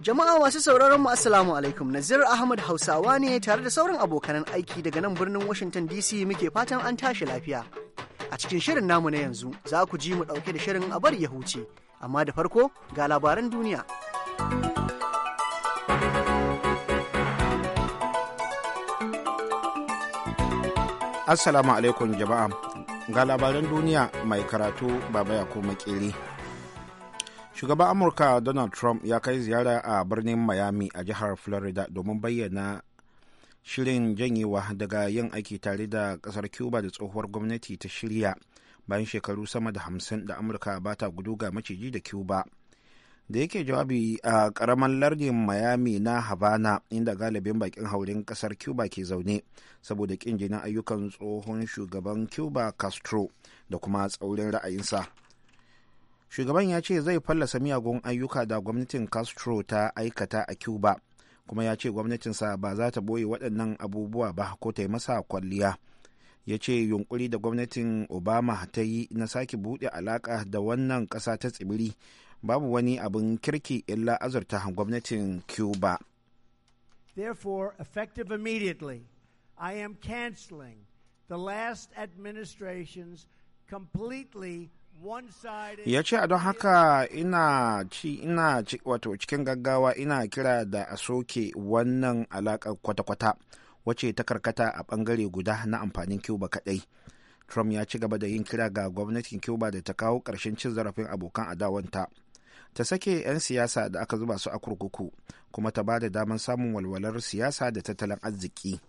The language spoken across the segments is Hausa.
Jama'a masu sauraron mu Assalamu alaikum Nazir Ahmad Hausawa ne tare da sauran abokanan aiki daga nan birnin Washington DC muke fatan an tashi lafiya. A cikin shirin namu na yanzu za ku ji mu ɗauke da shirin a bar ya huce, amma da farko ga labaran duniya. Assalamu alaikum jama'a. Ga labaran duniya mai karatu Baba Yakubu Makeri. shugaban amurka donald trump ya kai ziyara a birnin miami a jihar florida domin bayyana shirin janyewa daga yin aiki tare da kasar cuba da tsohuwar gwamnati ta shirya bayan shekaru sama da hamsin da amurka ba ta gudu ga maciji da cuba da yake jawabi a karamar lardin miami na havana inda galibin bakin haurin kasar cuba ke zaune saboda kin jinin ayyukan tsohon shugaban cuba castro da kuma tsaurin ra'ayinsa shugaban ya ce zai fallasa miyagun ayyuka da gwamnatin castro ta aikata a cuba kuma ya ce gwamnatinsa ba za ta boye waɗannan abubuwa ba ko ta yi masa kwalliya ya ce yunkuri da gwamnatin obama ta yi na sake buɗe alaƙa da wannan ƙasa ta tsibiri babu wani abin kirki illa azurta gwamnatin cuba therefore effective immediately i am canceling the last administration's completely ya ce a don haka ina ci ina ci wato cikin gaggawa ina kira da a soke wannan alaƙar kwata-kwata wacce ta karkata a ɓangare guda na amfanin cuba kaɗai trump ya ci gaba da yin kira ga gwamnatin cuba da ta kawo ƙarshen cin zarafin abokan adawanta ta sake 'yan siyasa da aka zuba su a kurkuku kuma ta ba da damar samun walwalar siyasa da tattalin arziki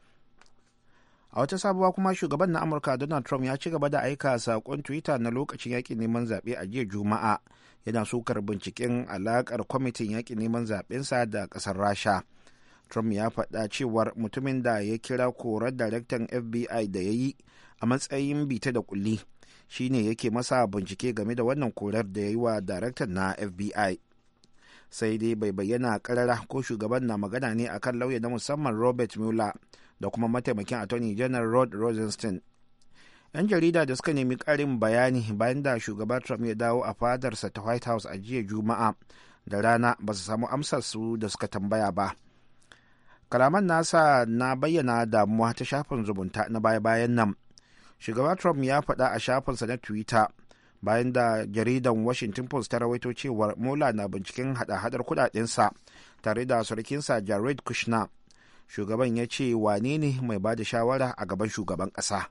a wata sabuwa kuma shugaban na amurka donald trump ya ci gaba da aika saƙon twitter na lokacin yakin neman zaɓe a jiya juma'a yana sukar binciken alaƙar kwamitin yakin neman zaɓen sa da ƙasar rasha trump ya faɗa cewar mutumin da ya kira korar daraktan fbi da ya yi a matsayin bita da kulli shine yake masa bincike game da wannan korar da ya yi wa daraktan na fbi sai dai bai bayyana karara ko shugaban na magana ne akan lauya na musamman robert mueller da kuma mataimakin attorney general rod rosenstein yan jarida da suka nemi karin bayani bayan da shugaba trump ya dawo a fadarsa ta white house a jiya juma'a da rana ba su samu amsar su da suka tambaya ba kalaman nasa na bayyana damuwa ta shafin zumunta na baya-bayan nan shugaba trump ya faɗa a shafinsa na twitter bayan da jaridan washington post ta rawaito cewar mola na binciken hada-hadar kudadensa tare da surukinsa jared kushner shugaban ya ce wane ne mai ba da shawara a gaban shugaban ƙasa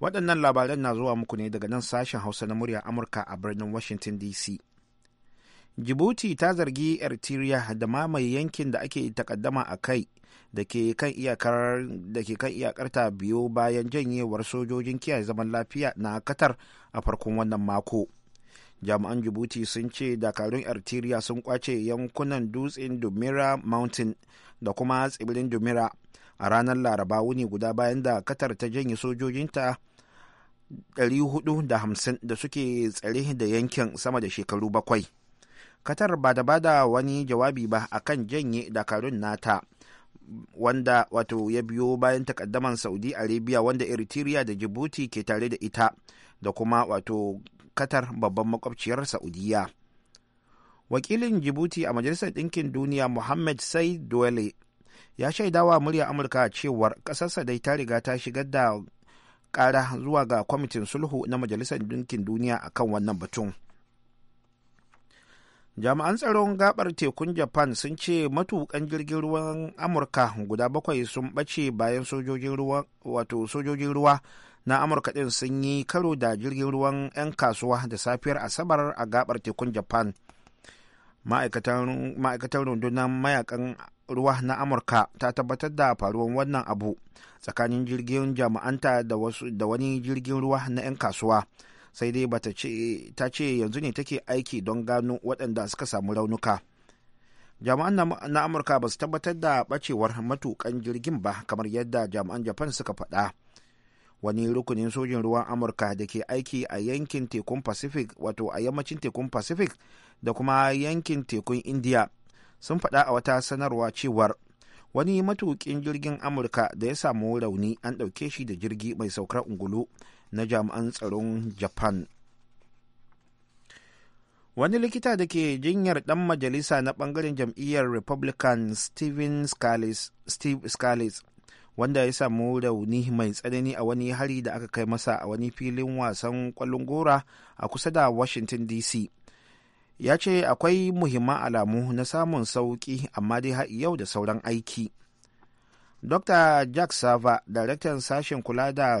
waɗannan labaran na zuwa muku ne daga nan sashen hausa na murya amurka a birnin washington dc jibuti ta zargi eritrea da mamaye yankin da ake takaddama a kai da ke kan iyakarta biyo bayan janyewar sojojin kiyaye zaman lafiya na qatar a farkon wannan mako jami'an jibuti sun ce dakarun arteria sun kwace yankunan dutsen dumira mountain da kuma tsibirin dumira a ranar laraba wuni guda bayan da katar ta janye sojojinta 450 da suke tsare da yankin sama da shekaru bakwai katar ba da bada wani jawabi ba akan janye dakarun nata wanda wato ya biyo bayan takaddaman saudi arabia wanda eritrea da jibuti ke tare da ita da kuma wato qatar babban makwabciyar saudiyya wakilin jibuti a majalisar ɗinkin duniya mohammed sai dole ya shaidawa murya amurka cewar ƙasarsa dai ta riga ta shigar da ƙara zuwa ga kwamitin sulhu na majalisar ɗinkin duniya a kan wannan batun jami'an tsaron gabar tekun japan sun ce matukan jirgin ruwan amurka guda bakwai sun bace bayan wato sojojin ruwa na amurka din sun yi karo da jirgin ruwan 'yan kasuwa da safiyar asabar a gabar tekun japan ma'aikatar rundunar mayakan ruwa na amurka ta tabbatar da faruwar wannan abu tsakanin jirgin jama'anta da wani jirgin ruwa na 'yan kasuwa sai dai bata ta ce yanzu ne take aiki don gano waɗanda suka samu raunuka jama'an na amurka ba su tabbatar da ɓacewar matukan jirgin ba kamar yadda jami'an japan suka faɗa wani rukunin sojin ruwan amurka da ke aiki a yankin tekun pacific wato a yammacin tekun pacific da kuma yankin tekun india sun faɗa a wata sanarwa cewar wani matuƙin jirgin amurka da ya samu rauni an ɗauke shi da jirgi mai saukar ungulu na jami'an tsaron japan wani likita da ke jinyar ɗan majalisa na ɓangaren jam'iyyar republican steven scalise, steve scalise wanda ya samu rauni mai tsanani a wani hari da aka kai masa a wani filin wasan kwallon gora a kusa da washington dc ya ce akwai muhimman alamu na samun sauƙi amma dai har yau da sauran aiki dr jack sava daraktan sashen kula da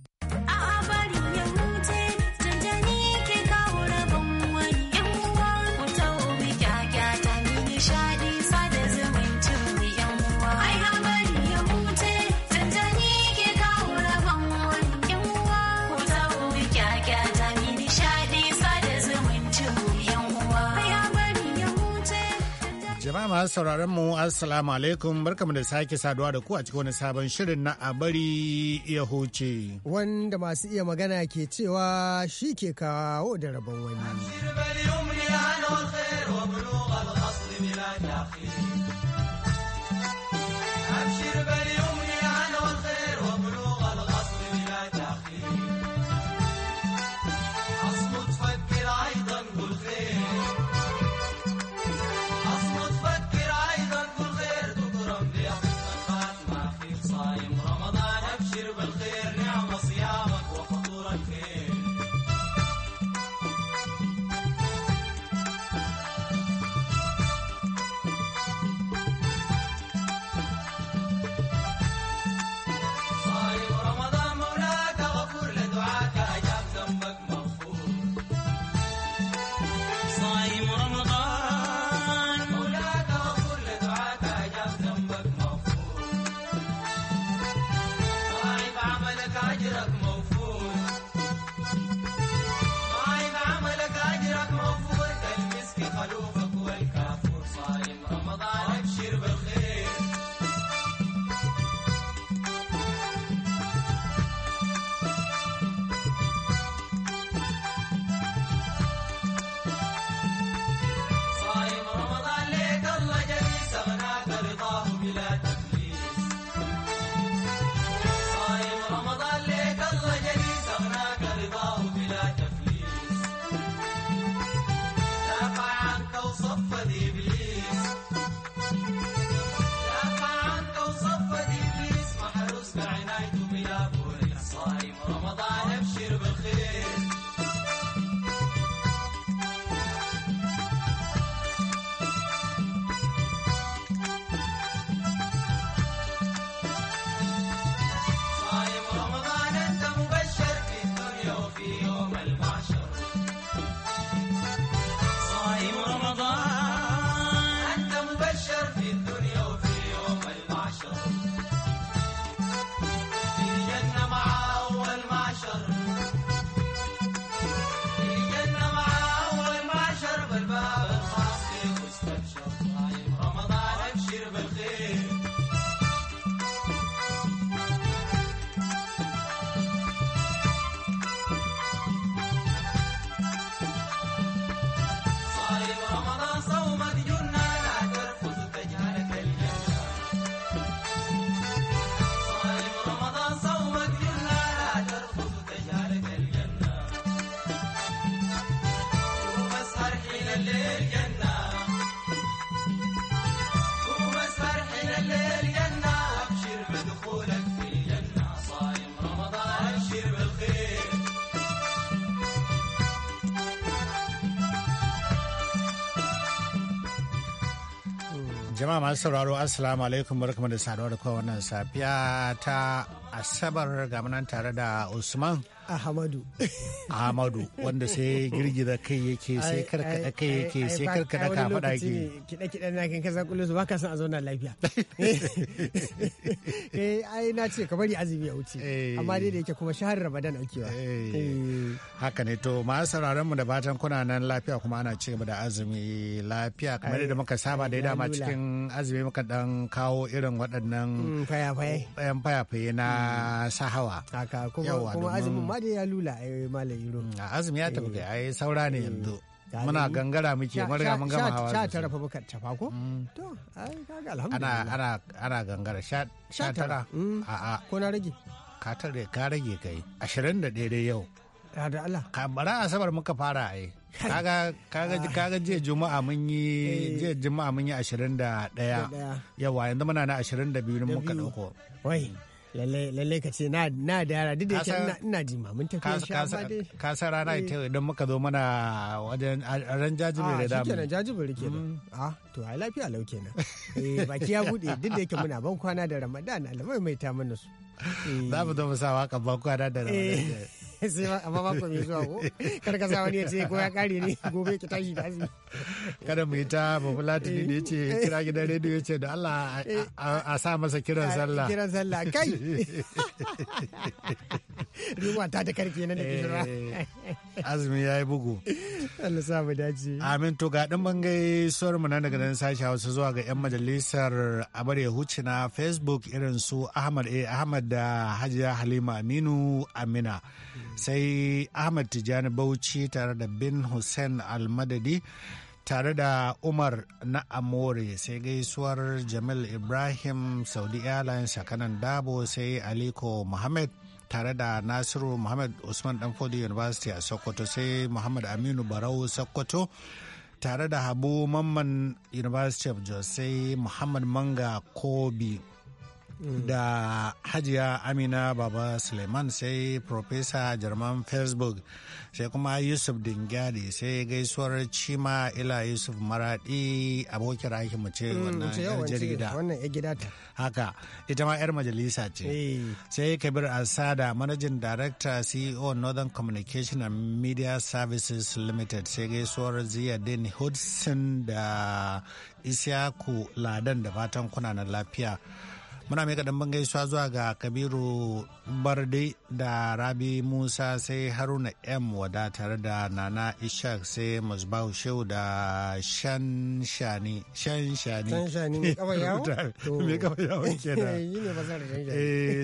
sauraron mu assalamu alaikum barkamu da sake saduwa da ku a cikin wani sabon shirin na a bari iya huce. Wanda masu iya magana ke cewa shi ke kawo da rabon wani. Jama'a masu sauraro Assalamu alaikum barkamu da saduwa da kowa wannan safiya ta Asabar ga tare da Usman Ahmadu. Ahmadu wanda sai girgiza kai yake sai karkada kai yake sai karkada ka faɗa ke. Kiɗa kiɗa na kan kasa kullum su baka san a zauna lafiya. Eh ai na ce ka bari azumi ya wuce. Eh. Amma dai da yake kuma shahar Ramadan aukewa. Eh. Eh. Haka ne to ma sauraron mu da batan kuna nan lafiya kuma ana ce ba da azumi lafiya kamar da muka saba da dama cikin azumi muka dan kawo irin waɗannan mm, fayafaye. Fayafaye na mm. sahawa. Haka kuma azumin ma da ya lula a ai malam iro mm, azumi ya tafi kai ai saura ne eh, yanzu muna gangara muke mun riga mun gama hawa sha tara fa muka tafa ko mm. to ai kaga alhamdulillah ana ana ana gangara sha sha tara mm. a a ko na rage ka tare ka rage kai 21 dai yau Ya da Allah ka bara asabar muka fara ai kaga kaga kaga je juma'a mun yi eh. je juma'a mun yi 21 yawa yanzu muna na 22 ne muka dauko wai lalle ka ce na da yara duk da yake ina jimamin tafiya shi amma dai ka san rana ita idan muka zo mana wajen ran jajibere ah, da mu kenan jajibere kenan a to ai lafiya lau kenan eh baki ya bude duk da yake muna ban kwana da Ramadan Allah mai ta mana su za mu zo mu sa waka ban kwana da eh, Ramadan sai amma mako mai zuwa ko kar ka sa wani ya ko ya kare ne gobe ki tashi da azumi kada mu yi ta bafulatini da yace ce kira gidan rediyo yace ce da Allah a sa masa kiran sallah kiran sallah kai Ruwa ta ta karfe na eh, Azumi ya yi bugu. Allah sa mu dace. Amin to ga ɗin bangai suwar mu na daga nan sashi Hausa zuwa ga 'yan majalisar Abar Yahuci na Facebook irin su Ahmad A. Eh, Ahmad da Hajiya Halima Aminu Amina. Sai Ahmad Tijani Bauchi tare da Bin Hussein Almadadi. tare da umar na amore sai gaisuwar jamil ibrahim saudi airlines a kanan dabo sai aliko Mohammed. tare da nasiru muhammad usman danfodi university a sokoto sai muhammad aminu barau sokoto tare da habu mamman university of jos sai muhammad manga kobi da hajiya amina baba suleiman sai profesa german facebook sai kuma yusuf dingyadi sai gaisuwar cima ila yusuf maradi abokin rahimu ce mm, wannan yar jarida haka ita ma yar majalisa ce eh. sai kabir asada managing director ceo northern communication and media services limited sai gaisuwar den hudson da isyaku ladan da fatan kuna na lafiya muna mai kaɗan gaisuwa zuwa ga kabiru bardi da rabi musa sai haruna m wada tare da nana ishaq sai musbahu shehu da shan shani shan shani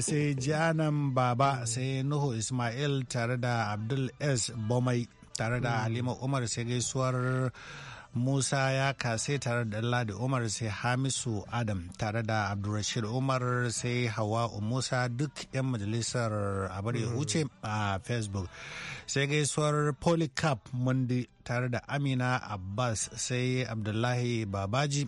sai janan baba sai nuhu ismail tare da abdul s bomai tare da hmm. halima umar sai gaisuwar Musa ya kase tare da Ladi Umar sai Hamisu Adam tare da Abdulrashid Umar sai Hawa Musa duk 'yan majalisar abar ya huce a Facebook. Sai gaisuwar Polycarp Mundi tare da Amina Abbas sai Abdullahi Babaji.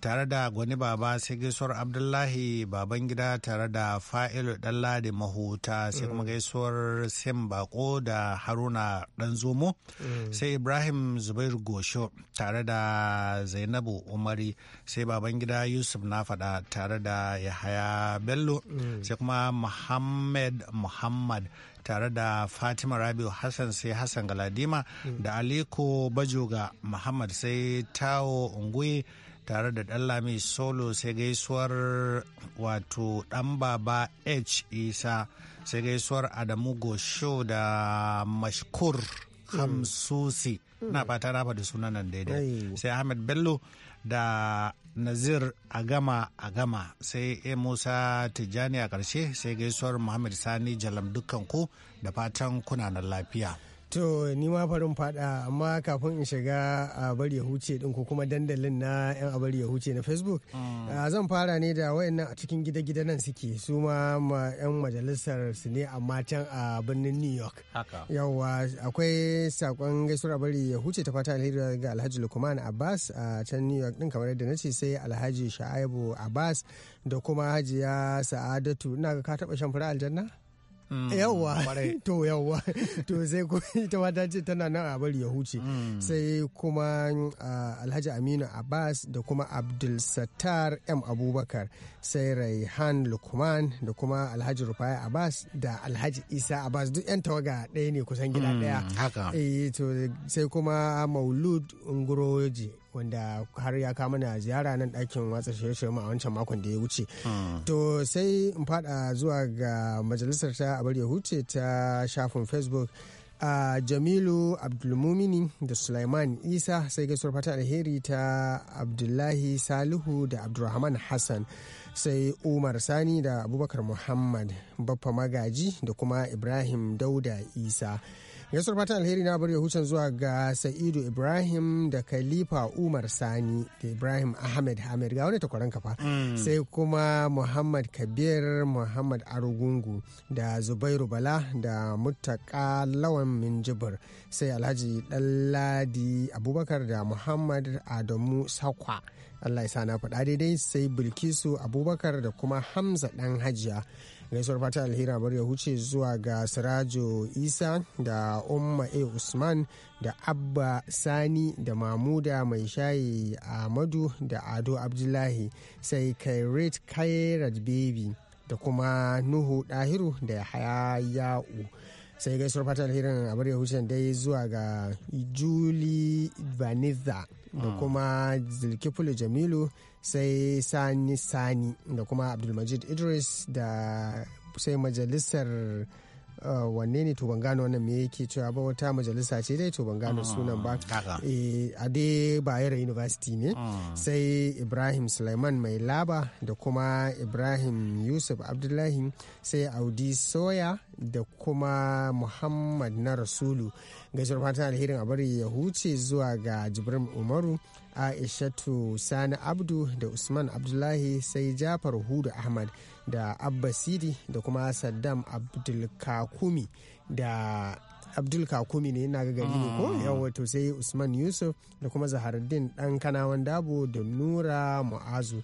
tare da gwani baba sai gaisuwar abdullahi baban gida tare da fa'ilu ɗanladi mahuta sai kuma mm. gaisuwar sim bako da haruna ɗan zomo mm. sai ibrahim zubair gosho tare da zainabu umari sai baban gida yusuf na faɗa tare da yahaya bello mm. sai kuma muhammad muhammad tare da fatima rabiu hassan sai hassan galadima da aliko bajoga muhammad sai tawo unguye tare da Dallami Solo sai gaisuwar wato ɗan baba H Isa sai gaisuwar Adamu Gosho da Mashkur Hamsusi na fata rafa da sunan nan daidai sai Ahmed Bello da Nazir Agama Agama sai E Musa Tijjani a ƙarshe sai gaisuwar Muhammad Sani Jalam dukkan ku da fatan kuna lafiya. To ni ma farin fada amma kafin in shiga a bari ya huce din ko kuma dandalin na yan abar ya huce na Facebook. Mm. Zan fara ne da wayannan a cikin gida-gida nan suke su ma yan majalisar su ne amma can a birnin New York. Yawwa akwai sakon gaisuwar bari ya huce ta fata alheri ga Alhaji Lukman Abbas a can New York din kamar yadda na ce sai Alhaji Shaibu Abbas da kuma Hajiya Sa'adatu ina ka taba shan fura aljanna? Mm. yawwa to yawwa to sai ita ma ta ce tana nan a bari ya huce mm. sai kuma ah, alhaji aminu abbas da kuma abdul m abubakar sai raihan lukman da kuma alhaji rufai abbas da alhaji isa abbas duk yan tawaga ɗaya ne kusan gida mm, ɗaya eh, sai kuma maulud ngoroji wanda har ya kama na ziyara nan ɗakin watsa shirye-shirye a wancan makon da ya wuce. Hmm. To sai in faɗa zuwa ga majalisar ta abar ya huce ta shafin Facebook. a jamilu abdulmumini da sulaiman isa sai gaisuwar fata alheri ta abdullahi salihu da abdulrahman hassan sai umar sani da abubakar muhammad baffa magaji da kuma ibrahim dauda isa gaisuwar fatan alheri na bar hucin zuwa ga sa'idu ibrahim da khalifa umar sani da ibrahim ahmed ahmed ga wani takwaran kafa mm. sai kuma muhammad kabir muhammad arugungu da zubairu bala da mutaka lawan minjibir sai alhaji ɗanladi abubakar da muhammad adamu sakwa allah ya sa na faɗa daidai sai bilkisu abubakar da kuma hamza ɗan hajiya gaisuwar fata alhira bar ya huce zuwa ga sirajo isa da umma a usman da abba sani da mamuda mai shayi amadu da ado abdullahi sai kairat kairat baby da kuma nuhu dahiru da hayayau sai gaisuwar fata alhira bar ya huce dai zuwa ga juli vaniza da mm. kuma zilkifulu jamilu sai sani sani da kuma abdulmajid idris da sai majalisar Eh, wanne ne to ban gano wannan me yake cewa ba wata majalisa ce dai to ban gano ah, sunan ba a eh, dai bayero university ne ah. sai ibrahim Sulaiman mai laba da kuma ibrahim yusuf abdullahi sai audi soya da kuma muhammad na rasulu gaisuwar fatan alherin a bari ya huce zuwa ga jibrin umaru aishatu sani abdu da usman abdullahi sai jafar hudu ahmad da abba sidi da kuma saddam abdulkakumi da abdul kakumi ne yana gari ne ko mm. yawa wato sai usman yusuf da kuma zaharuddin dan kanawan dabo da nura mu'azu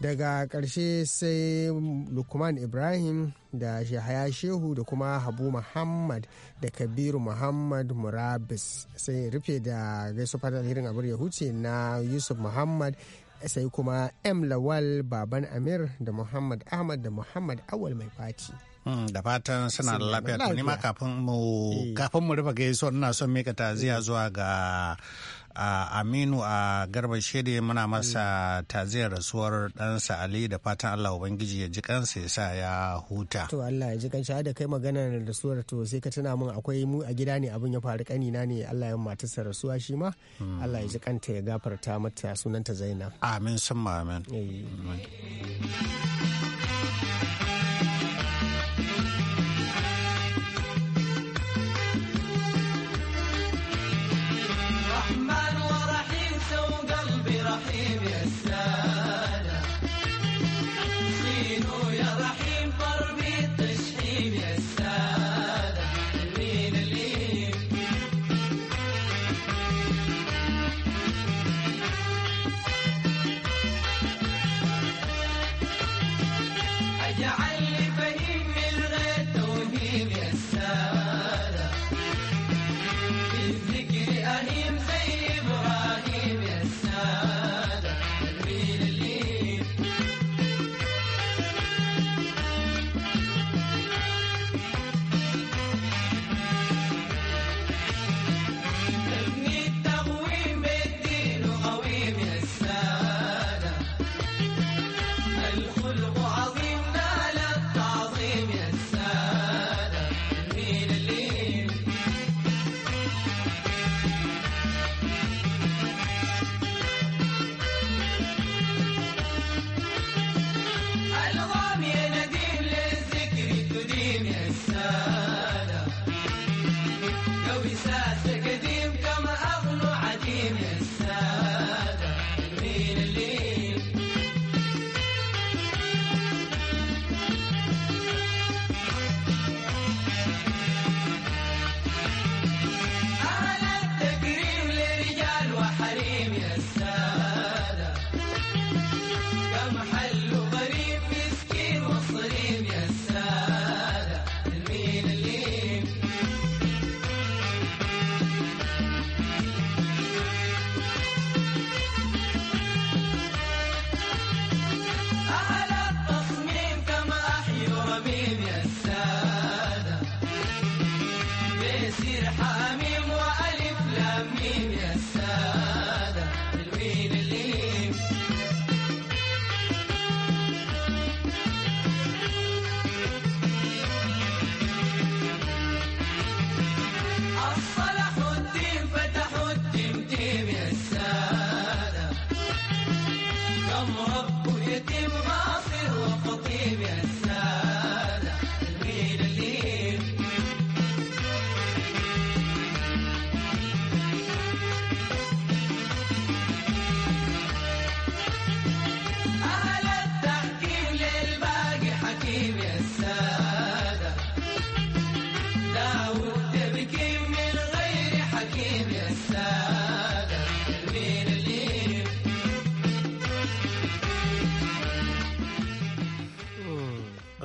daga karshe sai lukman ibrahim da shahaya shehu da kuma habu muhammad da kabiru muhammad murabis sai rufe da gaisu fatan alherin abin ya huce na yusuf muhammad sai kuma m lawal baban amir da muhammad ahmad da muhammad awal mai fati. Hmm, da fatan suna da lafiya ma kafin mu eh. kafin rufe gaisuwa na son mika taziya zuwa ga a aminu a garba shede muna masa mm. taziyar rasuwar ɗansa ali da fatan allah ubangiji ya ji kansa ya sa ya huta to allah ya ji kansa da kai magana rasuwar to sai ka tuna mun akwai mu a gida ne abin ya faru kanina ne allah ya matarsa rasuwa shi ma mm. allah ya ji kanta ya gafarta mata sunanta zainab amin sun amin eh.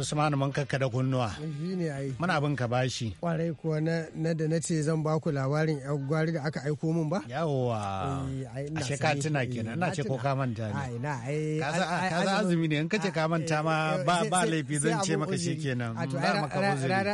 usman mun kakka da kunnuwa muna abin ka bashi kwarai kuwa na da na ce zan ba ku labarin yan gwari da aka aiko min ba yawwa eh, a shekara tuna kenan eh, na ce ko ka manta ne ka za azumi ne in ka ce ka eh, manta ma ba laifi zan ce maka shi kenan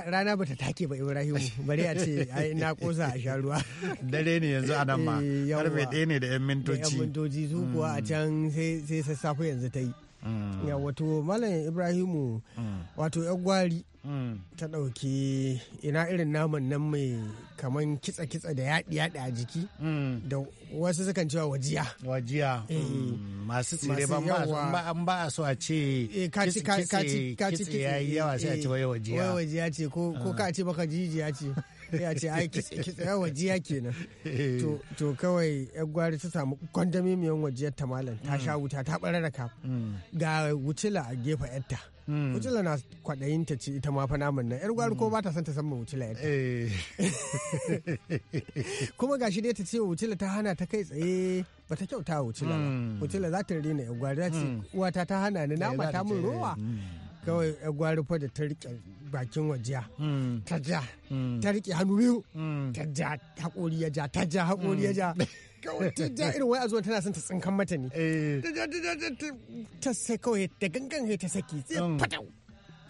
rana ba ta take ba ibrahim bari a ce na kosa a sha ruwa dare ne yanzu a nan ma karfe ɗaya ne da yan mintoci yan mintoci su kuwa a mm. can sai sassafe yanzu ta yi Mm. ya wato malam ibrahimu mm. wato yan gwari mm. ta ɗauki ina irin naman nan mai kaman kitsa-kitsa da yaɗi-yaɗi a jiki da wasu sukan cewa wajiya wajiya eh, eh. masu tsire ba an ba a so a ce kitse ya yi yawa sai a ce wai wajiya wajiya ce ko ka ce baka jijiya ce ya ce ai kitse kitse ya wajiya kenan eh. to kawai yan gwari ta samu kwandami miyan wajiyar ta malam ta sha mm. wuta ta barara ka mm. ga wucila a gefe yatta mm. wucila na kwaɗayin ta ce ita ma fa naman nan yar gwari ko ba ta san ta san ma wucila yatta eh. kuma gashi dai ta ce wucila ta hana ta kai tsaye ba ta kyauta wucila ba wucila za ta rena yan gwari za ta ce uwata ta hana ni na eh, ta min rowa kawai ya gwari fa da ta rike bakin wajiya hmm. ta ja hmm. ta rike hannu biyu hmm. ta ja hakori ya ja ta ja hakori ya ja kawai ta ja irin wai a zuwa tana son ta tsinkan mata ne eh. ta ja ta sai kawai da gangan ta saki sai fatau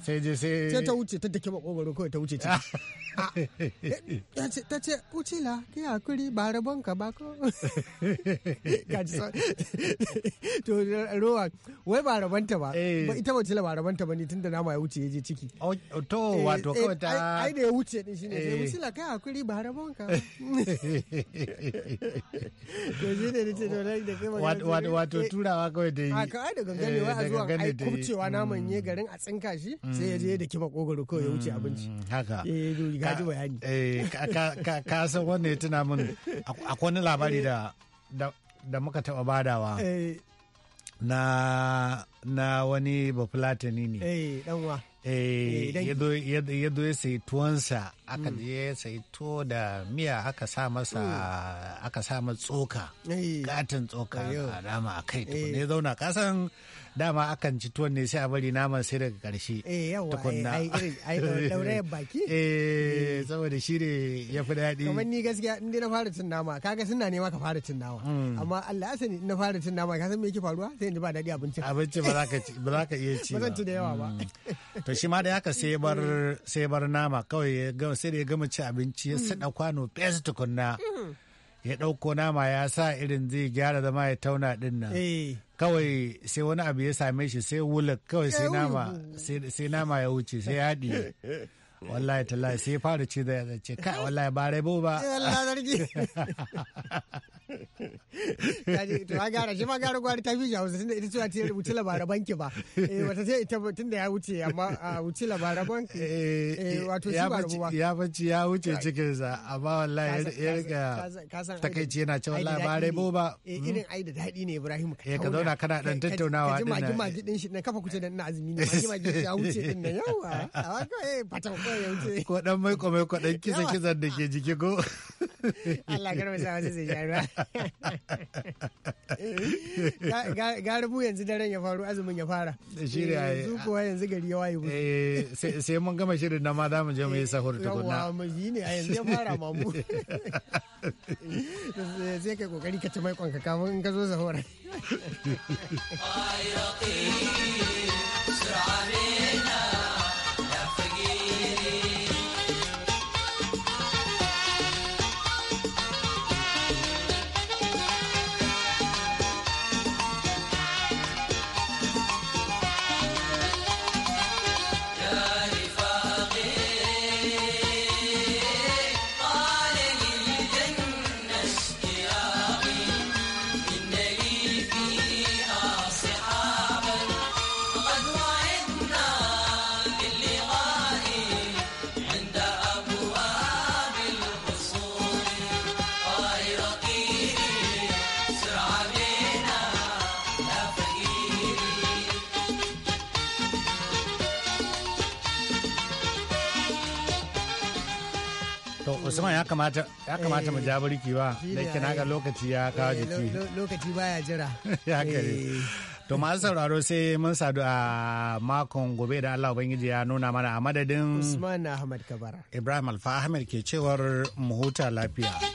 sai je sai sai ta wuce ta take makogoro kawai ta wuce ta ah, ta ce ucila ki hakuri ba rabon ka ba ko to rowa wai ba rabon ta ba eh. ita ba ucila ba rabon ta ba ne tunda nama ya wuce ya je ciki oh, oh, to eh, wato eh, kawai ta ai da ya wuce din shine sai ucila kai hakuri ba rabon ka to shi ne nace to da kai wato turawa kawai da yi a kai da ganganewa a zuwa ai kubcewa naman mm. ye garin a tsinka shi mm. sai ya je da kiba kogaro kawai ya wuce abinci mm, haka eh gaji bayani eh ka san wannan ya tuna min akwai wani labari da da muka taba badawa eh. na na wani bafulatani ne eh Eh, eh, ya zo ya sayi tuwonsa aka mm. je ya sayi tuwo da miya aka sa masa mm. aka sa masa tsoka eh. katin tsoka a dama a kai tukunne ya zauna kasan dama akan ci tuwon ne sai a bari naman sai daga karshe tukunna baki saboda shi ne ya fi daɗi kamar ni gaskiya in na fara cin nama kaga suna nema ka fara cin nama mm. amma Allah ya sani na fara cin nama ka san me yake faruwa sai in ji ba daɗi abinci ba za ka iya ci ba zan ci da yawa ba shi ma da haka sai bar nama kawai sai da ya gama ci abinci ya sada kwano fes tukunna ya ɗauko nama ya sa irin zai gyara zama ya tauna din nan eh. kawai sai wani abu ya same shi sai wulak kawai sai nama sai nama ya wuce sai ya haɗiye wallahi tallahi sai fara ci da ya zace kai wallahi ba rai ba eh, to gara shi ma ta fi jawo tunda ita wuce labaran banki ba eh, wata ce ita da ya wuce amma a wuce labaran banki eh, eh, wato shi ba ya bacci ya wuce cikin sa amma wallahi ya bo ba ka ka zauna kana dan tattaunawa din nan magi din na na azumi ne a ka dan mai ko mai ko kisan da ke jiki sa wasu gara mu yanzu daren ya faru azumin ya fara yanzu kuwa yanzu gari ya waye eh, sai mun gama shirin na ma za mu je mu yi sahur tukunna mu yi ne a yanzu ya fara ma mu sai kai kokari ka ci mai kwanka kamun in ka zo sahur سرعة بينا kamata ya kamata mu eh, ja barki ba da yake naga lokaci ya kawo eh, jiki lokaci baya jira ya kare eh. to masu sauraro sai mun sadu a makon gobe da Allah ubangiji ya nuna mana a madadin Usman Ahmad Kabara Ibrahim Alfa Ahmed ke cewar mu huta lafiya